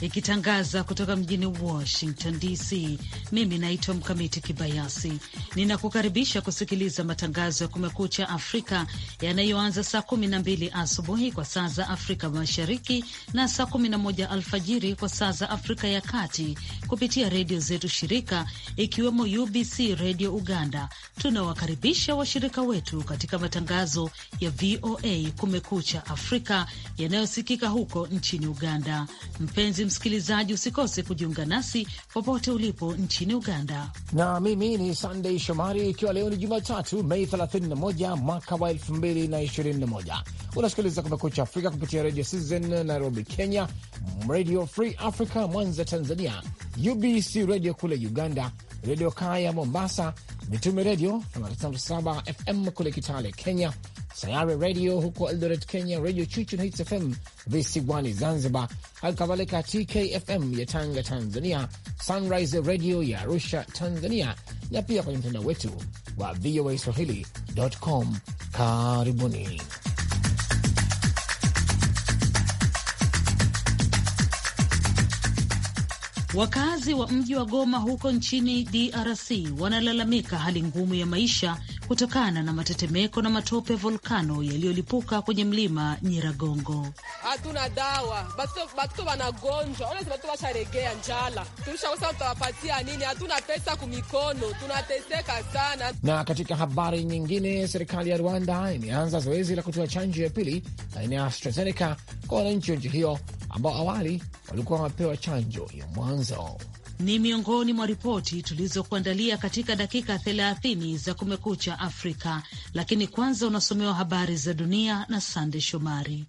ikitangaza kutoka mjini Washington DC. Mimi naitwa Mkamiti Kibayasi, ninakukaribisha kusikiliza matangazo ya Kumekucha Afrika yanayoanza saa mbili asubuhi kwa saa za Afrika Mashariki na saa moja alfajiri kwa saa za Afrika ya Kati kupitia redio zetu shirika, ikiwemo UBC Redio Uganda. Tunawakaribisha washirika wetu katika matangazo ya VOA Kumekucha Afrika yanayosikika huko nchini Uganda. Mpenzi msikilizaji, usikose kujiunga nasi popote ulipo nchini Uganda. Na mimi ni Sandey Shomari, ikiwa leo ni Jumatatu Mei 31 mwaka wa 2021. Unasikiliza Kumekucha Afrika kupitia redio Citizen Nairobi Kenya, Radio Free Africa Mwanza Tanzania, UBC Radio kule Uganda, Redio Kaya Mombasa, Mitume Redio 97 FM kule Kitale Kenya, Sayare Radio huko Eldoret, Kenya, Radio Chuchu na Hits FM visiwani Zanzibar, halikadhalika TKFM ya Tanga, Tanzania, Sunrise Radio ya Arusha, Tanzania, na pia kwenye mtandao wetu wa VOA Swahili.com. Karibuni. Wakazi wa mji wa Goma huko nchini DRC wanalalamika hali ngumu ya maisha kutokana na matetemeko na matope volkano yaliyolipuka kwenye mlima Nyiragongo. Hatuna dawa, batoto wanagonjwa, batoto washaregea njala, tulishakosa tutawapatia nini? Hatuna pesa kumikono, tunateseka sana. Na katika habari nyingine, serikali ya Rwanda imeanza zoezi la kutoa chanjo ya pili aina ya AstraZeneca kwa wananchi wa nchi hiyo ambao awali walikuwa wamepewa chanjo ya mwanzo. Ni miongoni mwa ripoti tulizokuandalia katika dakika 30 za Kumekucha Afrika, lakini kwanza unasomewa habari za dunia na Sande Shomari.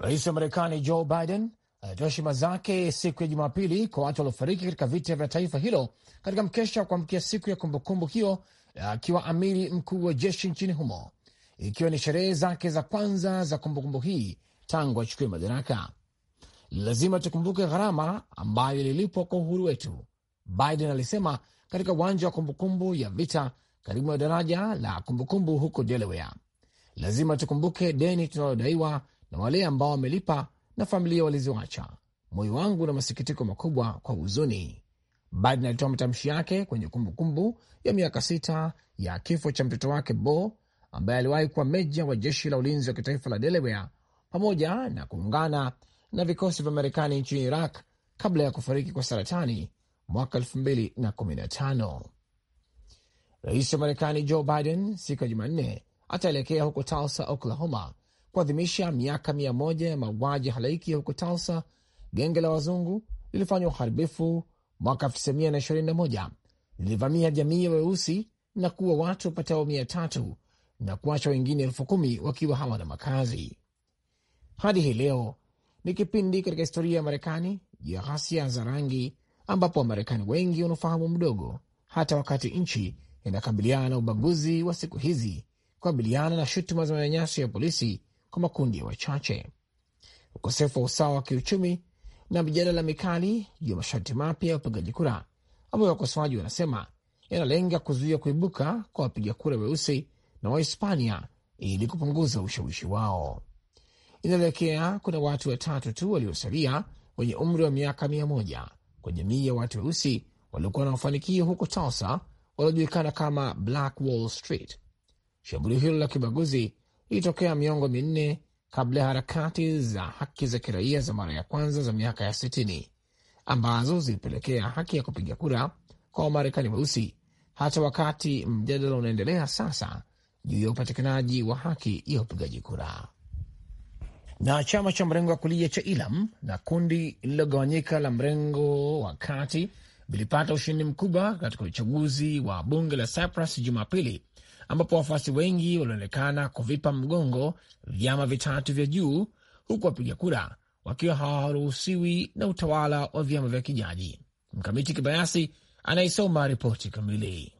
Rais wa Marekani Joe Biden itatoa heshima zake siku ya Jumapili kwa watu waliofariki katika vita vya taifa hilo katika mkesha wa kuamkia siku ya kumbukumbu hiyo, akiwa amiri mkuu wa jeshi nchini humo, ikiwa ni sherehe zake za kwanza za kumbukumbu hii tangu achukue madaraka. Lazima tukumbuke gharama ambayo ililipwa kwa uhuru wetu, Biden alisema katika uwanja wa kumbukumbu ya vita karibu na daraja la kumbukumbu huko Delaware. Lazima tukumbuke deni tunalodaiwa na wale ambao wamelipa na familia walizoacha. Moyo wangu na masikitiko makubwa kwa huzuni. Biden alitoa matamshi yake kwenye kumbukumbu kumbu ya miaka sita ya kifo cha mtoto wake Bo ambaye aliwahi kuwa meja wa jeshi la ulinzi wa kitaifa la Delaware pamoja na kuungana na vikosi vya Marekani nchini Iraq kabla ya kufariki kwa saratani mwaka 2015. Rais wa Marekani Joe Biden siku ya Jumanne ataelekea huko Tulsa, Oklahoma kuadhimisha miaka mia moja ya mauaji halaiki ya huko Tulsa, genge la wazungu lilifanya uharibifu mwaka 1921 lilivamia jamii ya weusi na kuwa watu wapatao mia tatu na kuacha wengine elfu kumi wakiwa hawana makazi. Hadi hii leo ni kipindi katika historia ya Marekani ya ghasia za rangi, ambapo Wamarekani wengi wanaofahamu mdogo, hata wakati nchi inakabiliana na ubaguzi wa siku hizi, kukabiliana na shutuma za manyanyaso ya polisi kwa makundi ya wachache, ukosefu wa usawa wa kiuchumi na mijadala mikali juu ya masharti mapya ya upigaji kura ambayo wakosoaji wanasema yanalenga kuzuia kuibuka kwa wapiga kura weusi na Wahispania ili kupunguza ushawishi wao. Inaelekea kuna watu watatu tu waliosalia wenye umri wa miaka mia moja kwa jamii ya watu weusi waliokuwa na mafanikio huko Tulsa, waliojulikana kama Black Wall Street. Shambulio hilo la kibaguzi ilitokea miongo minne kabla ya harakati za haki za kiraia za mara ya kwanza za miaka ya sitini ambazo zilipelekea haki ya kupiga kura kwa Wamarekani weusi hata wakati mjadala unaendelea sasa juu ya upatikanaji wa haki ya upigaji kura. Na chama cha mrengo wa kulia cha Ilam na kundi lililogawanyika la mrengo wa kati vilipata ushindi mkubwa katika uchaguzi wa bunge la Cyprus Jumapili, ambapo wafuasi wengi walionekana kuvipa mgongo vyama vitatu vya juu, huku wapiga kura wakiwa hawaruhusiwi na utawala wa vyama vya kijaji. Mkamiti Kibayasi anaisoma ripoti kamili.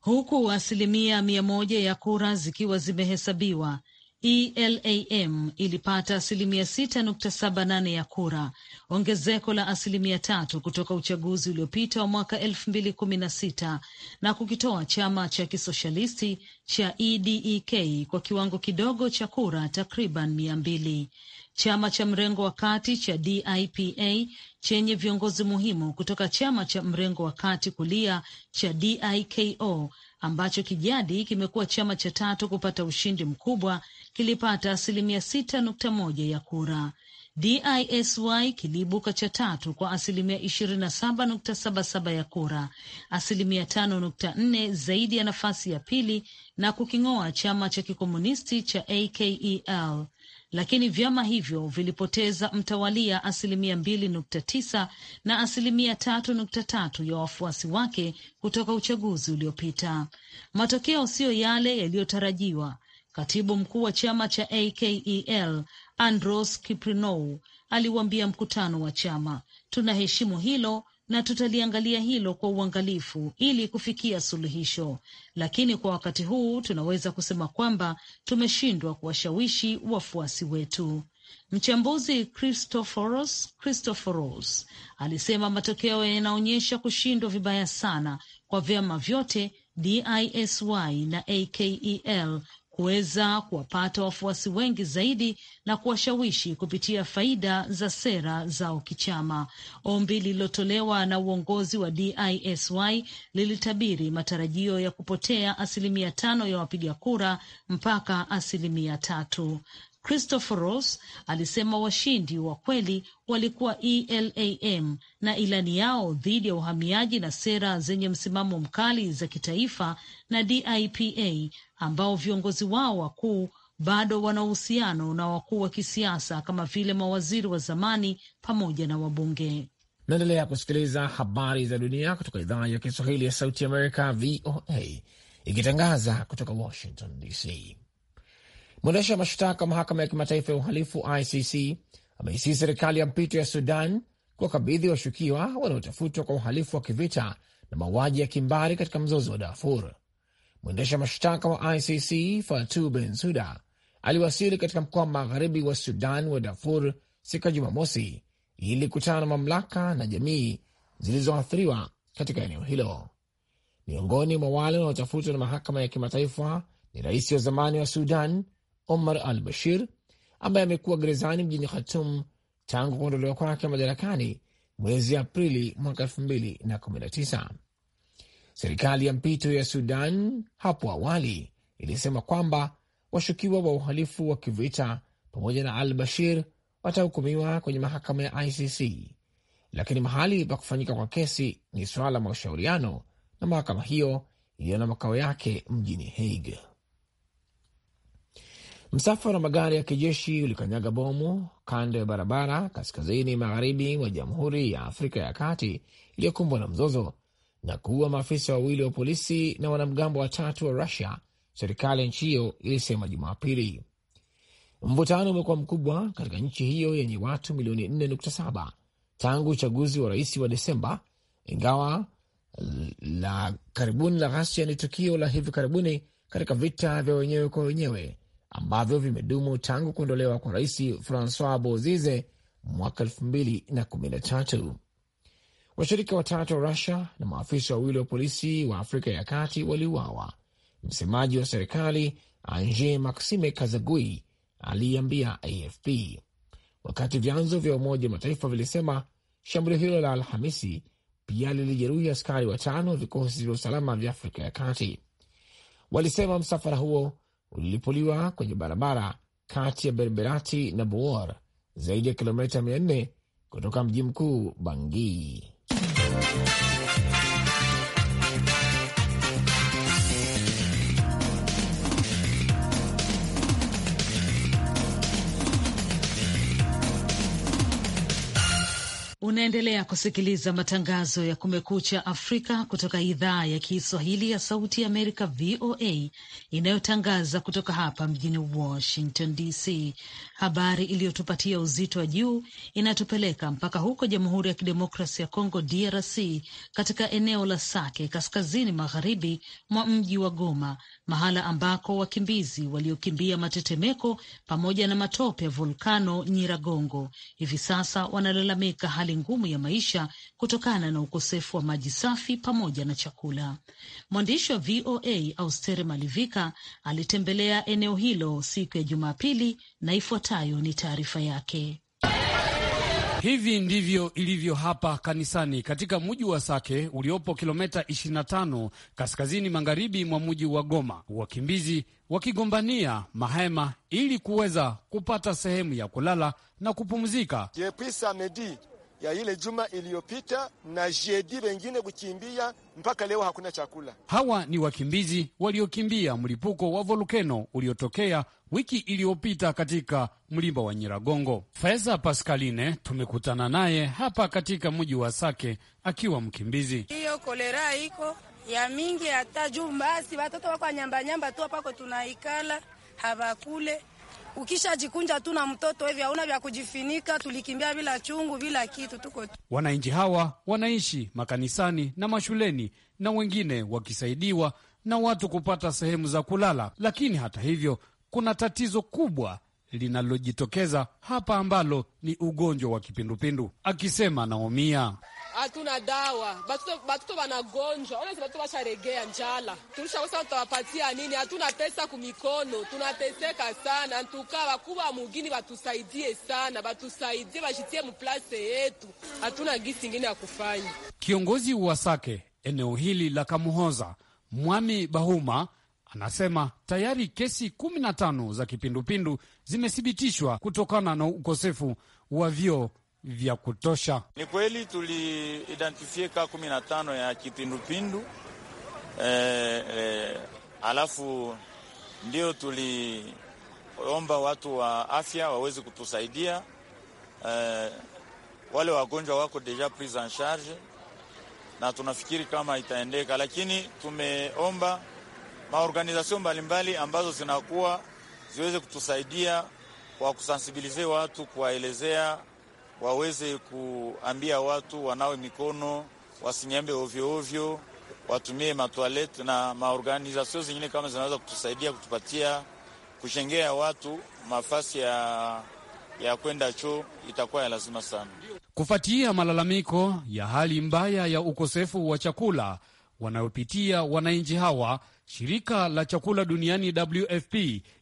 Huku asilimia mia moja ya kura zikiwa zimehesabiwa, ELAM ilipata asilimia 6.78 ya kura, ongezeko la asilimia tatu kutoka uchaguzi uliopita wa mwaka 2016 na kukitoa chama cha kisoshalisti cha EDEK kwa kiwango kidogo cha kura takriban mia mbili. Chama cha mrengo wa kati cha DIPA chenye viongozi muhimu kutoka chama cha mrengo wa kati kulia cha DIKO ambacho kijadi kimekuwa chama cha tatu kupata ushindi mkubwa kilipata asilimia sita nukta moja ya kura. DISY kiliibuka cha tatu kwa asilimia ishirini na saba nukta saba saba ya kura, asilimia tano nukta nne zaidi ya nafasi ya pili na kuking'oa chama cha kikomunisti cha AKEL lakini vyama hivyo vilipoteza mtawalia asilimia mbili nukta tisa na asilimia tatu nukta tatu ya wafuasi wake kutoka uchaguzi uliopita, matokeo siyo yale yaliyotarajiwa. Katibu mkuu wa chama cha AKEL Andros Kiprinou aliwaambia mkutano wa chama, tunaheshimu hilo na tutaliangalia hilo kwa uangalifu ili kufikia suluhisho, lakini kwa wakati huu tunaweza kusema kwamba tumeshindwa kuwashawishi wafuasi wetu. Mchambuzi Christophoros Christophoros alisema matokeo yanaonyesha kushindwa vibaya sana kwa vyama vyote DISY na AKEL kuweza kuwapata wafuasi wengi zaidi na kuwashawishi kupitia faida za sera zao kichama. Ombi lililotolewa na uongozi wa DISY lilitabiri matarajio ya kupotea asilimia tano ya wapiga kura mpaka asilimia tatu. Christopher Ross alisema washindi wa kweli walikuwa ELAM na ilani yao dhidi ya uhamiaji na sera zenye msimamo mkali za kitaifa na DIPA ambao viongozi wao wakuu bado wana uhusiano na wakuu wa kisiasa kama vile mawaziri wa zamani pamoja na wabunge. Naendelea kusikiliza habari za dunia kutoka idhaa ya Kiswahili ya Sauti Amerika, VOA, ikitangaza kutoka Washington DC. Mwendesha mashtaka wa mahakama ya kimataifa ya uhalifu ICC ameisii serikali ya mpito ya Sudan kuwakabidhi washukiwa wanaotafutwa kwa uhalifu wa kivita na mauaji ya kimbari katika mzozo wa Darfur. Mwendesha mashtaka wa ICC Fatu Bensuda aliwasili katika mkoa magharibi wa Sudan wa Darfur siku ya Jumamosi ili kutana na mamlaka na jamii zilizoathiriwa katika eneo hilo. Miongoni mwa wale wanaotafutwa na mahakama ya kimataifa ni rais wa zamani wa Sudan Omar al Bashir ambaye amekuwa gerezani mjini Khartum tangu kuondolewa kwake madarakani mwezi Aprili mwaka tisa. Serikali ya mpito ya Sudan hapo awali ilisema kwamba washukiwa wa uhalifu wa kivita pamoja na al Bashir watahukumiwa kwenye mahakama ya ICC, lakini mahali pa kufanyika kwa kesi ni suala la mashauriano na mahakama hiyo iliyo na makao yake mjini Hague. Msafara wa magari ya kijeshi ulikanyaga bomu kando ya barabara kaskazini magharibi mwa Jamhuri ya Afrika ya Kati iliyokumbwa na mzozo na kuua maafisa wawili wa polisi na wanamgambo watatu wa Rusia, serikali ya nchi hiyo ilisema Jumapili. Mvutano umekuwa mkubwa katika nchi hiyo yenye watu milioni 4.7 tangu uchaguzi wa rais wa Desemba, ingawa la karibuni la ghasia ni tukio la hivi karibuni katika vita vya wenyewe kwa wenyewe ambavyo vimedumu tangu kuondolewa kwa Rais Francois Bozize mwaka 2013. Washirika watatu wa Rusia na maafisa wawili wa polisi wa Afrika ya Kati waliuawa. Msemaji wa serikali Anje Maxime Kazagui aliambia AFP wakati vyanzo vya Umoja wa Mataifa vilisema shambulio hilo la Alhamisi pia lilijeruhi askari watano wa vikosi vya usalama vya Afrika ya Kati. Walisema msafara huo ulilipuliwa kwenye barabara kati ya Berberati na boor zaidi ya kilomita 400 kutoka mji mkuu Bangui. Unaendelea kusikiliza matangazo ya Kumekucha Afrika kutoka idhaa ya Kiswahili ya Sauti ya Amerika, VOA, inayotangaza kutoka hapa mjini Washington DC. Habari iliyotupatia uzito wa juu inatupeleka mpaka huko Jamhuri ya Kidemokrasi ya Kongo, DRC, katika eneo la Sake, kaskazini magharibi mwa mji wa Goma, mahala ambako wakimbizi waliokimbia matetemeko pamoja na matope ya volkano Nyiragongo hivi sasa wanalalamika hali ngumu ya maisha kutokana na ukosefu wa maji safi pamoja na chakula. Mwandishi wa VOA Austere Malivika alitembelea eneo hilo siku ya Jumapili na ifuatayo ni taarifa yake. Hivi ndivyo ilivyo hapa kanisani katika mji wa Sake uliopo kilomita 25 kaskazini magharibi mwa mji wa Goma, wakimbizi wakigombania mahema ili kuweza kupata sehemu ya kulala na kupumzika. Jepisa Medi ya ile juma iliyopita na jedi wengine kukimbia mpaka leo hakuna chakula. Hawa ni wakimbizi waliokimbia mlipuko wa volkeno uliotokea wiki iliyopita katika mlima wa Nyiragongo. Feza Pascaline tumekutana naye hapa katika mji wa Sake akiwa mkimbizi. Hiyo kolera iko ya mingi hata juu, basi watoto wako nyambanyamba tu, pako tunaikala havakule ukishajikunja tu na mtoto hivi, hauna vya kujifinika. Tulikimbia bila chungu, bila kitu, tuko wananchi. Hawa wanaishi makanisani na mashuleni, na wengine wakisaidiwa na watu kupata sehemu za kulala. Lakini hata hivyo, kuna tatizo kubwa linalojitokeza hapa ambalo ni ugonjwa wa kipindupindu, akisema Naumia hatuna dawa, batoto wanagonjwa, ona batoto washaregea njala, tulishakosa tutawapatia nini? Hatuna pesa kumikono, tunateseka sana. Ntuka wakuwa mugini watusaidie sana, watusaidie washitie mplase yetu, hatuna gisi ingine ya kufanya. Kiongozi wa Sake eneo hili la Kamuhoza, Mwami Bahuma anasema tayari kesi kumi na tano za kipindupindu zimethibitishwa kutokana na ukosefu wa vyoo vya kutosha. Ni kweli tuliidentifie kaa kumi na tano ya kipindupindu e, e, alafu ndio tuliomba watu wa afya waweze kutusaidia e, wale wagonjwa wako deja prise en charge na tunafikiri kama itaendeka, lakini tumeomba maorganizasio mbalimbali ambazo zinakuwa ziweze kutusaidia kwa kusansibilize watu kuwaelezea waweze kuambia watu wanawe mikono, wasinyambe ovyo, watumie matoilet na maorganizasio zingine kama zinaweza kutusaidia kutupatia kushengea watu mafasi ya, ya kwenda choo itakuwa ya lazima sana. Kufuatia malalamiko ya hali mbaya ya ukosefu wa chakula wanayopitia wananchi hawa, shirika la chakula duniani WFP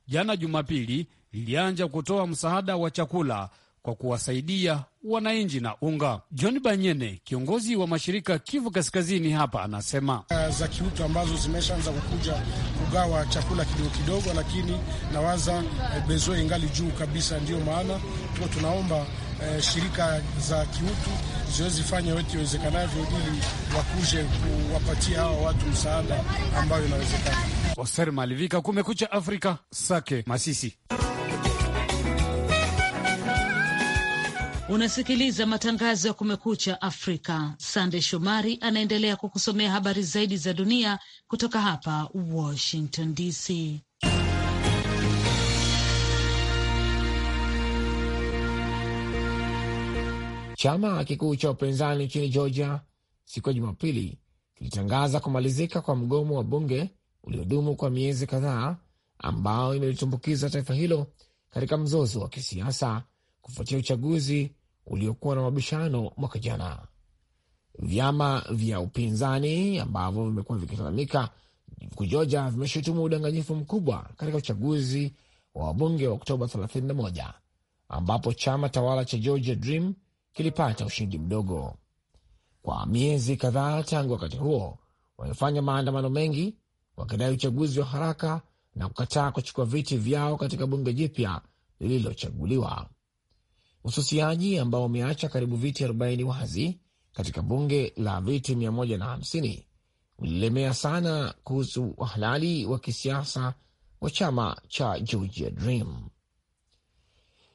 jana Jumapili lilianja kutoa msaada wa chakula kwa kuwasaidia wananchi na unga. John Banyene, kiongozi wa mashirika Kivu Kaskazini, hapa anasema za kiutu ambazo zimeshaanza kukuja kugawa chakula kidogo kidogo, lakini nawaza e, eh, bezo ingali juu kabisa. Ndiyo maana tuko tunaomba e, shirika za kiutu ziwezi fanya yote iwezekanavyo ili wakuje kuwapatia hawa watu msaada ambayo inawezekana. Oser Malivika, Kumekucha Afrika, Sake, Masisi. Unasikiliza matangazo ya Kumekucha Afrika. Sande Shomari anaendelea kukusomea habari zaidi za dunia kutoka hapa Washington DC. Chama kikuu cha upinzani nchini Georgia siku ya Jumapili kilitangaza kumalizika kwa mgomo wa bunge uliodumu kwa miezi kadhaa, ambao imelitumbukiza taifa hilo katika mzozo wa kisiasa kufuatia uchaguzi uliokuwa na mabishano mwaka jana. Vyama vya upinzani ambavyo vimekuwa vikilalamika huku Georgia vimeshutumu udanganyifu mkubwa katika uchaguzi wa wabunge wa Oktoba 31 ambapo chama tawala cha Georgia Dream kilipata ushindi mdogo. Kwa miezi kadhaa tangu wakati huo, wamefanya maandamano mengi wakidai uchaguzi wa haraka na kukataa kuchukua viti vyao katika bunge jipya lililochaguliwa ususiaji ambao umeacha karibu viti 40 wazi katika bunge la viti 150 ulilemea sana kuhusu uhalali wa kisiasa wa chama cha Georgia Dream.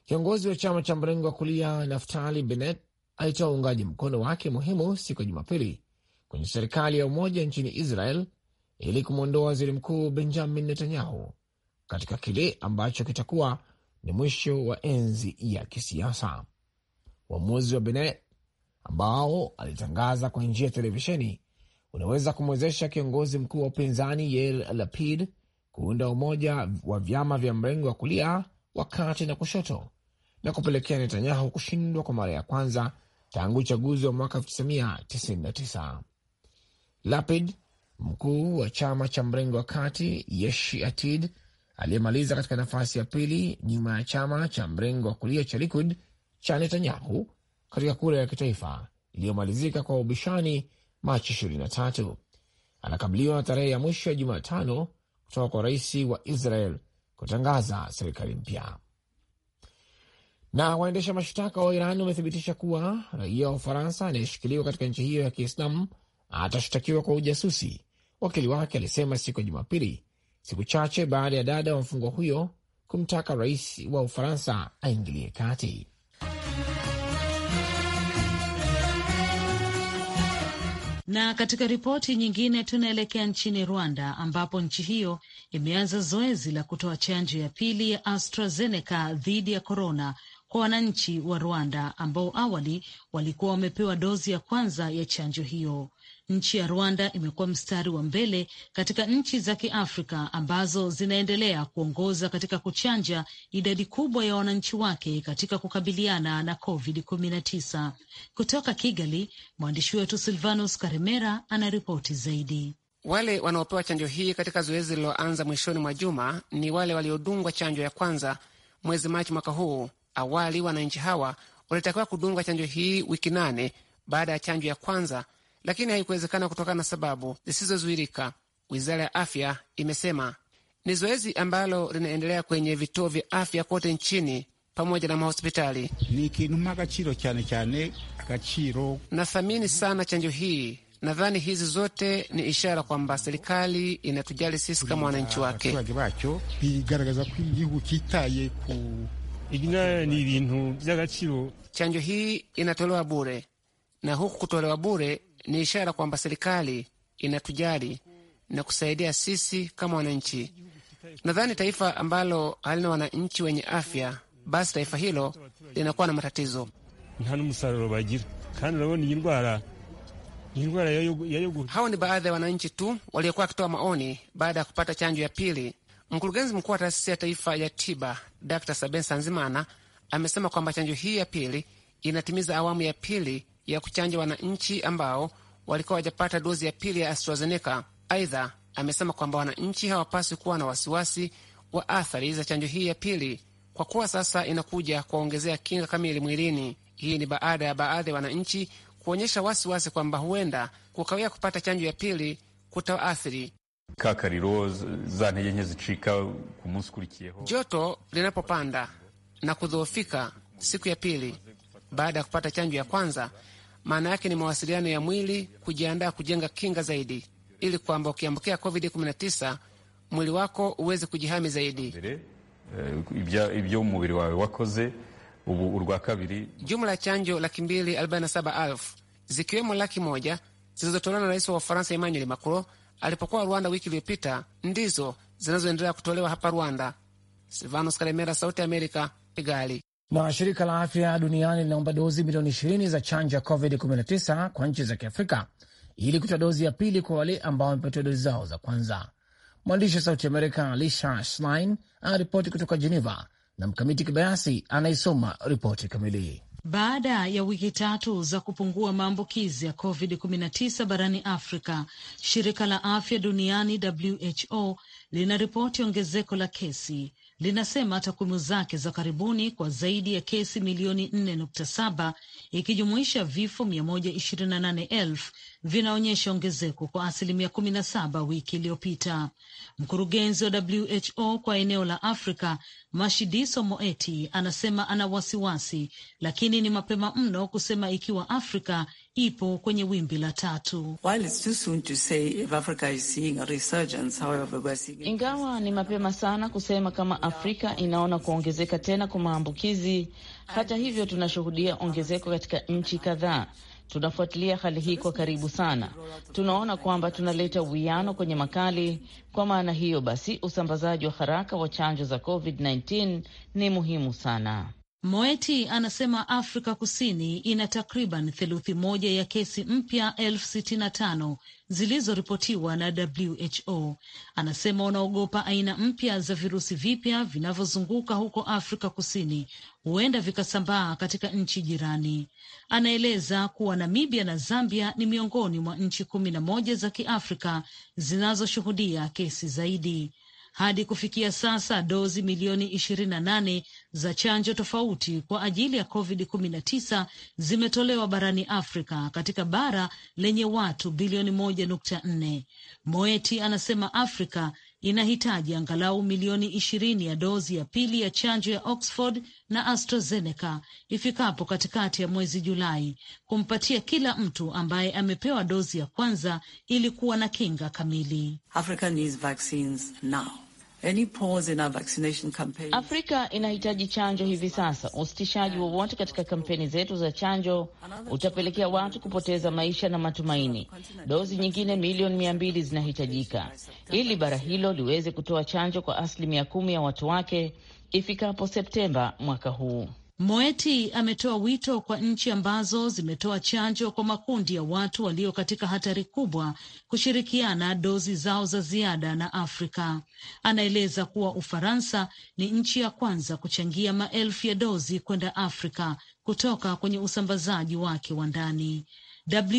Kiongozi wa chama cha mrengo wa kulia Naftali Bennett alitoa uungaji mkono wake muhimu siku ya Jumapili kwenye serikali ya umoja nchini Israel ili kumwondoa waziri mkuu Benjamin Netanyahu katika kile ambacho kitakuwa ni mwisho wa enzi ya kisiasa. Uamuzi wa Benet ambao alitangaza kwa njia ya televisheni unaweza kumwezesha kiongozi mkuu wa upinzani Yair Lapid kuunda umoja wa vyama vya mrengo wa kulia wa kati na kushoto na kupelekea Netanyahu kushindwa kwa mara ya kwanza tangu uchaguzi wa mwaka 1999. Lapid, mkuu wa chama cha mrengo wa kati Yesh Atid, aliyemaliza katika nafasi ya pili nyuma ya chama cha mrengo wa kulia cha Likud cha Netanyahu katika kura ya kitaifa iliyomalizika kwa ubishani Machi 23. Anakabiliwa na tarehe ya mwisho ya Jumatano kutoka kwa rais wa Israel kutangaza serikali mpya. Na waendesha mashtaka wa Iran wamethibitisha kuwa raia wa Ufaransa anayeshikiliwa katika nchi hiyo ya Kiislamu atashtakiwa kwa ujasusi, wakili wake alisema siku ya Jumapili siku chache baada ya dada wa mfungwa huyo kumtaka rais wa Ufaransa aingilie kati. Na katika ripoti nyingine tunaelekea nchini Rwanda ambapo nchi hiyo imeanza zoezi la kutoa chanjo ya pili ya AstraZeneca dhidi ya korona kwa wananchi wa Rwanda ambao awali walikuwa wamepewa dozi ya kwanza ya chanjo hiyo. Nchi ya Rwanda imekuwa mstari wa mbele katika nchi za Kiafrika ambazo zinaendelea kuongoza katika kuchanja idadi kubwa ya wananchi wake katika kukabiliana na COVID-19. Kutoka Kigali, mwandishi wetu Silvanus Karemera anaripoti zaidi. Wale wanaopewa chanjo hii katika zoezi lililoanza mwishoni mwa juma ni wale waliodungwa chanjo ya kwanza mwezi Machi mwaka huu. Awali wananchi hawa walitakiwa kudungwa chanjo hii wiki nane baada ya chanjo ya kwanza lakini haikuwezekana kutokana na sababu zisizozuirika, wizara ya afya imesema. Ni zoezi ambalo linaendelea kwenye vituo vya afya kote nchini pamoja na mahospitali. ni Nathamini sana chanjo hii. Nadhani hizi zote ni ishara kwamba serikali inatujali sisi kama wananchi wake. Chanjo hii inatolewa bure, na huku kutolewa bure ni ishara kwamba serikali inatujali na kusaidia sisi kama wananchi. Nadhani taifa ambalo halina wananchi wenye afya, basi taifa hilo linakuwa na matatizo. Hawa ni baadhi ya wananchi tu waliokuwa wakitoa maoni baada ya kupata chanjo ya pili. Mkurugenzi mkuu wa taasisi ya taifa ya tiba Dr Saben Sanzimana amesema kwamba chanjo hii ya pili inatimiza awamu ya pili ya kuchanja wananchi ambao walikuwa wajapata dozi ya pili ya AstraZeneca. Aidha, amesema kwamba wananchi hawapaswi kuwa na wasiwasi wa athari za chanjo hii ya pili kwa kuwa sasa inakuja kuwaongezea kinga kamili mwilini. Hii ni baada ya baadhi ya wananchi kuonyesha wasiwasi kwamba huenda kukawia kupata chanjo ya pili kutawaathiri. Joto linapopanda na kudhoofika siku ya pili baada ya kupata chanjo ya kwanza maana yake ni mawasiliano ya mwili kujiandaa kujenga kinga zaidi, ili kwamba ukiambukia COVID-19 mwili wako uweze kujihami zaidi. Eh, ibyo umubiri wawe wakoze ubu urwa kabiri. Jumla ya chanjo laki mbili arobaini na saba elfu zikiwemo laki moja zilizotolewa na rais wa Ufaransa Emmanuel Macron alipokuwa Rwanda wiki iliyopita ndizo zinazoendelea kutolewa hapa Rwanda. Silvanos Karemera, Sauti ya Amerika, Kigali. Na shirika la afya duniani linaomba dozi milioni ishirini za chanjo ya COVID-19 kwa nchi za Kiafrika ili kutoa dozi ya pili kwa wale ambao wamepatiwa dozi zao za kwanza. Mwandishi wa Sauti Amerika Alisha Schlein anaripoti kutoka Geneva na Mkamiti Kibayasi anayesoma ripoti kamili. Baada ya wiki tatu za kupungua maambukizi ya COVID-19 barani Afrika, shirika la afya duniani WHO linaripoti ongezeko la kesi linasema takwimu zake za karibuni kwa zaidi ya kesi milioni 4.7 ikijumuisha vifo 128,000 vinaonyesha ongezeko kwa asilimia 17 wiki iliyopita. Mkurugenzi wa WHO kwa eneo la Afrika Mashidiso Moeti anasema ana wasiwasi, lakini ni mapema mno kusema ikiwa Afrika ipo kwenye wimbi la tatu. Ingawa ni mapema sana kusema kama Afrika inaona kuongezeka tena kwa maambukizi, hata hivyo tunashuhudia ongezeko katika nchi kadhaa. Tunafuatilia hali hii kwa karibu sana, tunaona kwamba tunaleta uwiano kwenye makali. Kwa maana hiyo basi, usambazaji wa haraka wa chanjo za COVID-19 ni muhimu sana. Moeti anasema Afrika Kusini ina takriban theluthi moja ya kesi mpya elfu sitini na tano zilizoripotiwa na WHO. Anasema wanaogopa aina mpya za virusi vipya vinavyozunguka huko Afrika Kusini, huenda vikasambaa katika nchi jirani. Anaeleza kuwa Namibia na Zambia ni miongoni mwa nchi kumi na moja za Kiafrika zinazoshuhudia kesi zaidi. Hadi kufikia sasa dozi milioni 28 na nane za chanjo tofauti kwa ajili ya COVID-19 zimetolewa barani Afrika katika bara lenye watu bilioni 1.4. Moeti anasema Afrika inahitaji angalau milioni ishirini ya dozi ya pili ya chanjo ya Oxford na AstraZeneca ifikapo katikati ya mwezi Julai kumpatia kila mtu ambaye amepewa dozi ya kwanza ili kuwa na kinga kamili. Africa needs vaccines now. Afrika inahitaji chanjo hivi sasa. Usitishaji wowote katika kampeni zetu za chanjo utapelekea watu kupoteza maisha na matumaini. Dozi nyingine milioni mia mbili zinahitajika ili bara hilo liweze kutoa chanjo kwa asilimia kumi ya watu wake ifikapo Septemba mwaka huu. Moeti ametoa wito kwa nchi ambazo zimetoa chanjo kwa makundi ya watu walio katika hatari kubwa kushirikiana dozi zao za ziada na Afrika. Anaeleza kuwa Ufaransa ni nchi ya kwanza kuchangia maelfu ya dozi kwenda Afrika kutoka kwenye usambazaji wake wa ndani.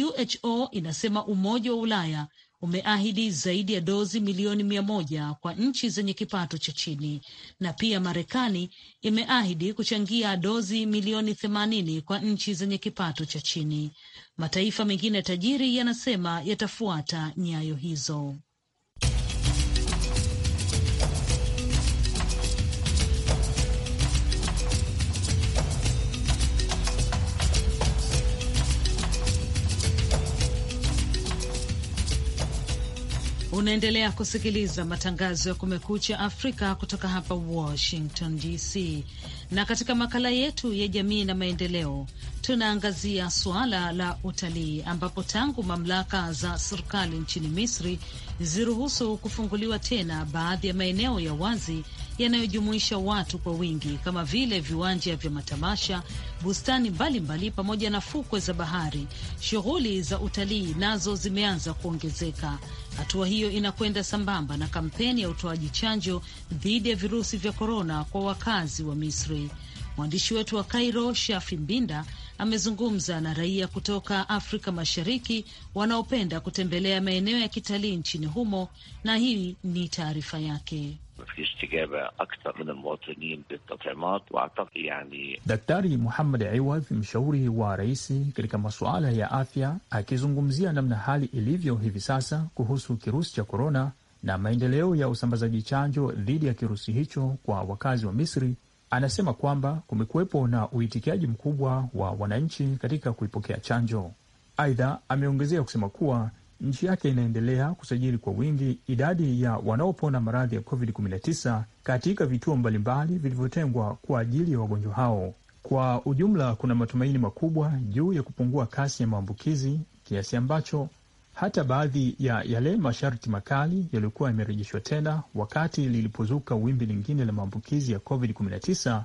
WHO inasema Umoja wa Ulaya umeahidi zaidi ya dozi milioni mia moja kwa nchi zenye kipato cha chini, na pia Marekani imeahidi kuchangia dozi milioni themanini kwa nchi zenye kipato cha chini. Mataifa mengine tajiri yanasema yatafuata nyayo hizo. Unaendelea kusikiliza matangazo ya Kumekucha Afrika kutoka hapa Washington DC, na katika makala yetu ya jamii na maendeleo tunaangazia suala la utalii, ambapo tangu mamlaka za serikali nchini Misri ziruhusu kufunguliwa tena baadhi ya maeneo ya wazi yanayojumuisha watu kwa wingi kama vile viwanja vya matamasha, bustani mbalimbali pamoja na fukwe za bahari. Shughuli za utalii nazo zimeanza kuongezeka. Hatua hiyo inakwenda sambamba na kampeni ya utoaji chanjo dhidi ya virusi vya korona kwa wakazi wa Misri. Mwandishi wetu wa kairo Shafi Mbinda, amezungumza na raia kutoka Afrika Mashariki wanaopenda kutembelea maeneo ya kitalii nchini humo, na hii ni taarifa yake. Daktari Muhammad Iwadh, mshauri wa rais katika masuala ya afya, akizungumzia namna hali ilivyo hivi sasa kuhusu kirusi cha korona na maendeleo ya usambazaji chanjo dhidi ya kirusi hicho kwa wakazi wa Misri anasema kwamba kumekuwepo na uitikiaji mkubwa wa wananchi katika kuipokea chanjo. Aidha, ameongezea kusema kuwa nchi yake inaendelea kusajili kwa wingi idadi ya wanaopona maradhi ya COVID-19 katika vituo mbalimbali vilivyotengwa kwa ajili ya wagonjwa hao. Kwa ujumla, kuna matumaini makubwa juu ya kupungua kasi ya maambukizi kiasi ambacho hata baadhi ya yale masharti makali yaliyokuwa yamerejeshwa tena wakati lilipozuka wimbi lingine la maambukizi ya COVID-19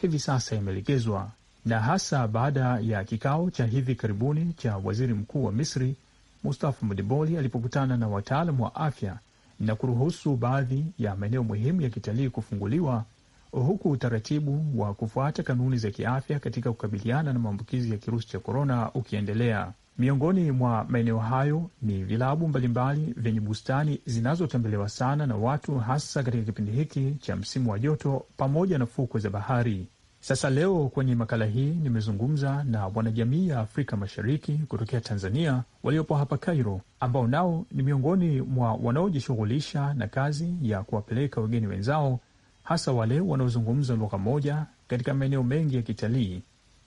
hivi sasa yamelegezwa, na hasa baada ya kikao cha hivi karibuni cha waziri mkuu wa Misri Mustafa Madiboli alipokutana na wataalam wa afya na kuruhusu baadhi ya maeneo muhimu ya kitalii kufunguliwa huku utaratibu wa kufuata kanuni za kiafya katika kukabiliana na maambukizi ya kirusi cha korona ukiendelea. Miongoni mwa maeneo hayo ni vilabu mbalimbali vyenye bustani zinazotembelewa sana na watu, hasa katika kipindi hiki cha msimu wa joto, pamoja na fukwe za bahari. Sasa leo kwenye makala hii nimezungumza na wanajamii ya Afrika Mashariki kutokea Tanzania waliopo hapa Cairo, ambao nao ni miongoni mwa wanaojishughulisha na kazi ya kuwapeleka wageni wenzao, hasa wale wanaozungumza lugha moja katika maeneo mengi ya kitalii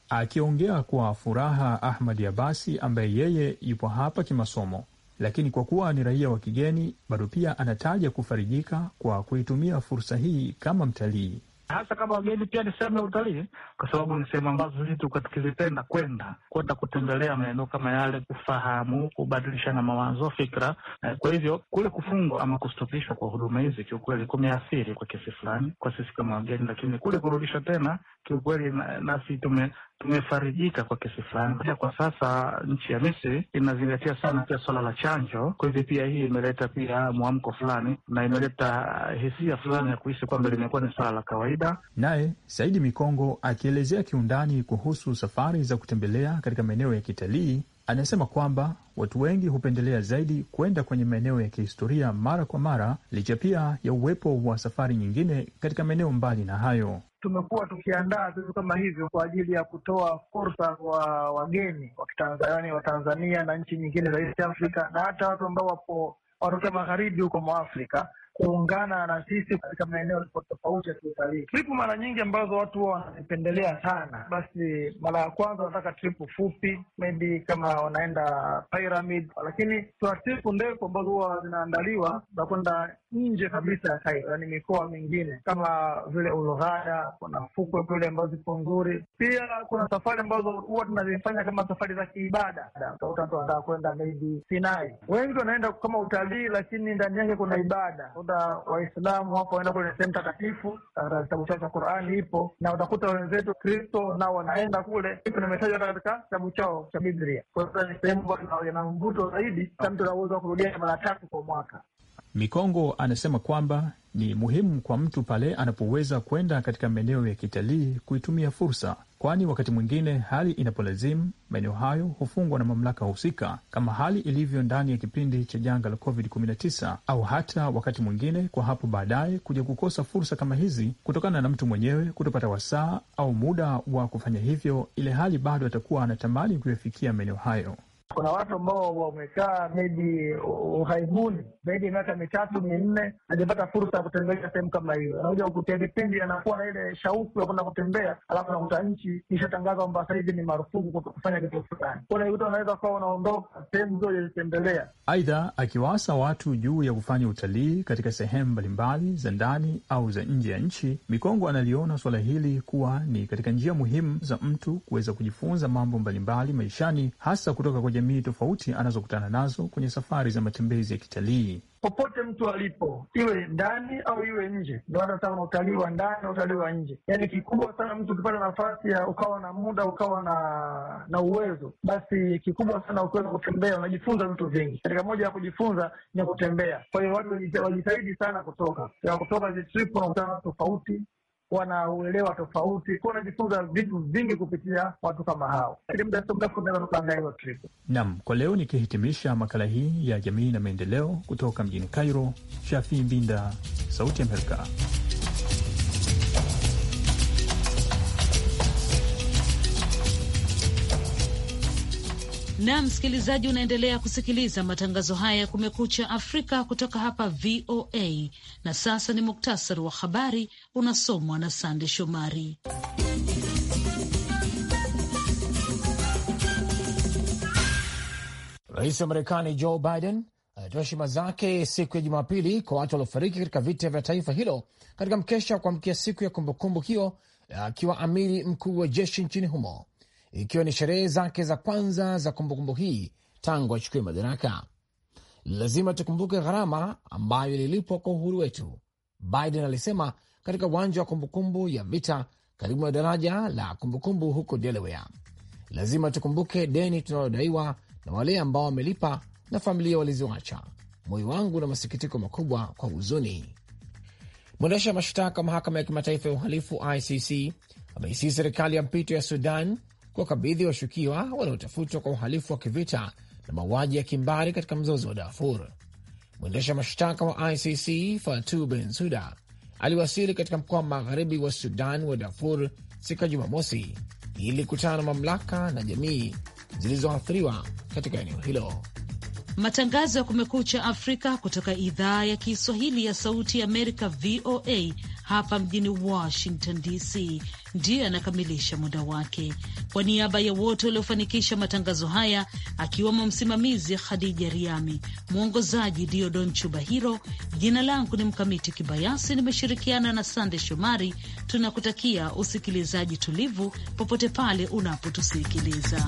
Akiongea kwa furaha, Ahmad Abasi ambaye yeye yupo hapa kimasomo, lakini kwa kuwa ni raia wa kigeni bado, pia anataja kufarijika kwa kuitumia fursa hii kama mtalii hasa kama wageni pia ni sehemu ya utalii, kwa sababu ni sehemu ambazo sisi tukizipenda kwenda kwenda kutembelea maeneo kama yale, kufahamu, kubadilishana mawazo, fikra. Eh, kwa hivyo kule kufungwa ama kustopishwa kwa huduma hizi kiukweli kumeathiri kwa kiasi fulani kwa sisi kama wageni, lakini kule kurudisha tena kiukweli nasi tume tumefarijika kwa kiasi fulani. Pia kwa sasa nchi ya Misri inazingatia sana pia swala la chanjo, kwa hivyo pia hii imeleta pia mwamko fulani na imeleta eh, hisia fulani ya kuhisi kwamba limekuwa ni swala la kawaida kawaida. Naye Saidi Mikongo akielezea kiundani kuhusu safari za kutembelea katika maeneo ya kitalii, anasema kwamba watu wengi hupendelea zaidi kwenda kwenye maeneo ya kihistoria mara kwa mara, licha pia ya uwepo wa safari nyingine katika maeneo mbali na hayo. Tumekuwa tukiandaa vitu kama hivyo kwa ajili ya kutoa fursa kwa wageni wa Tanzania na nchi nyingine za East Africa na hata watu ambao wapo watokea magharibi huko mwa Afrika kuungana na sisi katika maeneo tofauti ya kiutalii. Tripu mara nyingi ambazo watu huwa wanazipendelea sana, basi mara ya kwanza wanataka tripu fupi, maybe kama wanaenda pyramid, lakini tuna tripu ndefu ambazo huwa zinaandaliwa za kwenda nje kabisa ya Kairo, yani mikoa mingine kama vile Ulghaya, kuna fukwe kule ambazo zipo nzuri. Pia kuna safari ambazo huwa tunazifanya kama safari za kiibada, utakuta mtu anataka kwenda maybe Sinai. Wengi wanaenda kama utalii, lakini ndani yake kuna ibada labda Waislamu wapo waenda kwenye sehemu takatifu, kitabu chao cha Qurani ipo, na utakuta wenzetu Kristo nao wanaenda kule, nimetajwa hata katika kitabu chao cha Biblia. Kwa hiyo ni sehemu ambayo ina mvuto zaidi, mtu ana uwezo wa kurudia mara tatu kwa mwaka. Mikongo anasema kwamba ni muhimu kwa mtu pale anapoweza kwenda katika maeneo ya kitalii kuitumia fursa, kwani wakati mwingine hali inapolazimu maeneo hayo hufungwa na mamlaka husika, kama hali ilivyo ndani ya kipindi cha janga la COVID-19 au hata wakati mwingine kwa hapo baadaye kuja kukosa fursa kama hizi kutokana na mtu mwenyewe kutopata wasaa au muda wa kufanya hivyo, ile hali bado atakuwa anatamani kuyafikia maeneo hayo. Kuna watu ambao wamekaa maybe uhaibuni zaidi ya miaka mitatu minne, ajapata fursa ya kutembelea sehemu kama hiyo, anakuja kupitia vipindi, anakuwa na ile shauku ya kwenda kutembea, alafu anakuta nchi ishatangaza kwamba sahizi ni marufuku kufanya kitu fulani, kwa nakuta wanaweza kuwa wanaondoka sehemu zilizozitembelea. Aidha, akiwaasa watu juu ya kufanya utalii katika sehemu mbalimbali za ndani au za nje ya nchi, Mikongo analiona suala hili kuwa ni katika njia muhimu za mtu kuweza kujifunza mambo mbalimbali maishani, hasa kutoka kwa jamii tofauti anazokutana nazo kwenye safari za matembezi ya kitalii. Popote mtu alipo, iwe ndani au iwe nje, ndio hata kama utalii wa ndani na utalii wa nje, yaani kikubwa sana mtu ukipata nafasi ya ukawa na muda ukawa na na uwezo, basi kikubwa sana ukiweza kutembea unajifunza vitu vingi. Katika moja ya kujifunza ni kutembea. Kwa hiyo watu wajitahidi sana kutoka ya kutoka zile unakutana watu tofauti wanauelewa tofauti, kuwa najifunza vitu vingi kupitia watu kama hao. Muda sio mrefu tunaweza tukaandaa hiyo trip. Naam, kwa leo nikihitimisha makala hii ya jamii na maendeleo kutoka mjini Cairo, Shafii Mbinda, Sauti Amerika. na msikilizaji, unaendelea kusikiliza matangazo haya ya Kumekucha Afrika kutoka hapa VOA. Na sasa ni muktasari wa habari unasomwa na Sande Shomari. Rais wa Marekani Joe Biden alitoa heshima zake siku ya Jumapili kwa watu waliofariki katika vita vya taifa hilo katika mkesha wa kuamkia siku ya kumbukumbu hiyo, akiwa amiri mkuu wa jeshi nchini humo ikiwa ni sherehe zake za kwanza za kumbukumbu hii tangu achukue madaraka. Lazima tukumbuke gharama ambayo ililipwa kwa uhuru wetu, Biden alisema katika uwanja wa kumbukumbu ya vita karibu na daraja la kumbukumbu huko Delaware. Lazima tukumbuke deni tunalodaiwa na wale ambao wamelipa na familia walizoacha. Moyo wangu na masikitiko makubwa kwa huzuni. Mwendesha mashtaka mahakama ya kimataifa ya uhalifu ICC ameisii serikali ya mpito ya Sudan kuwakabidhi washukiwa wanaotafutwa kwa uhalifu wa kivita na mauaji ya kimbari katika mzozo wa Darfur. Mwendesha mashtaka wa ICC Fatu Bensuda aliwasili katika mkoa wa magharibi wa Sudan wa Darfur siku ya Jumamosi ili kutana na mamlaka na jamii zilizoathiriwa katika eneo hilo. Matangazo ya Kumekucha Afrika kutoka idhaa ya Kiswahili ya Sauti ya Amerika, VOA hapa mjini Washington DC ndiye anakamilisha muda wake. Kwa niaba ya wote waliofanikisha matangazo haya, akiwemo msimamizi Khadija Riami, mwongozaji Diodon Chubahiro, jina langu ni Mkamiti Kibayasi, nimeshirikiana na Sande Shomari. Tunakutakia usikilizaji tulivu popote pale unapotusikiliza.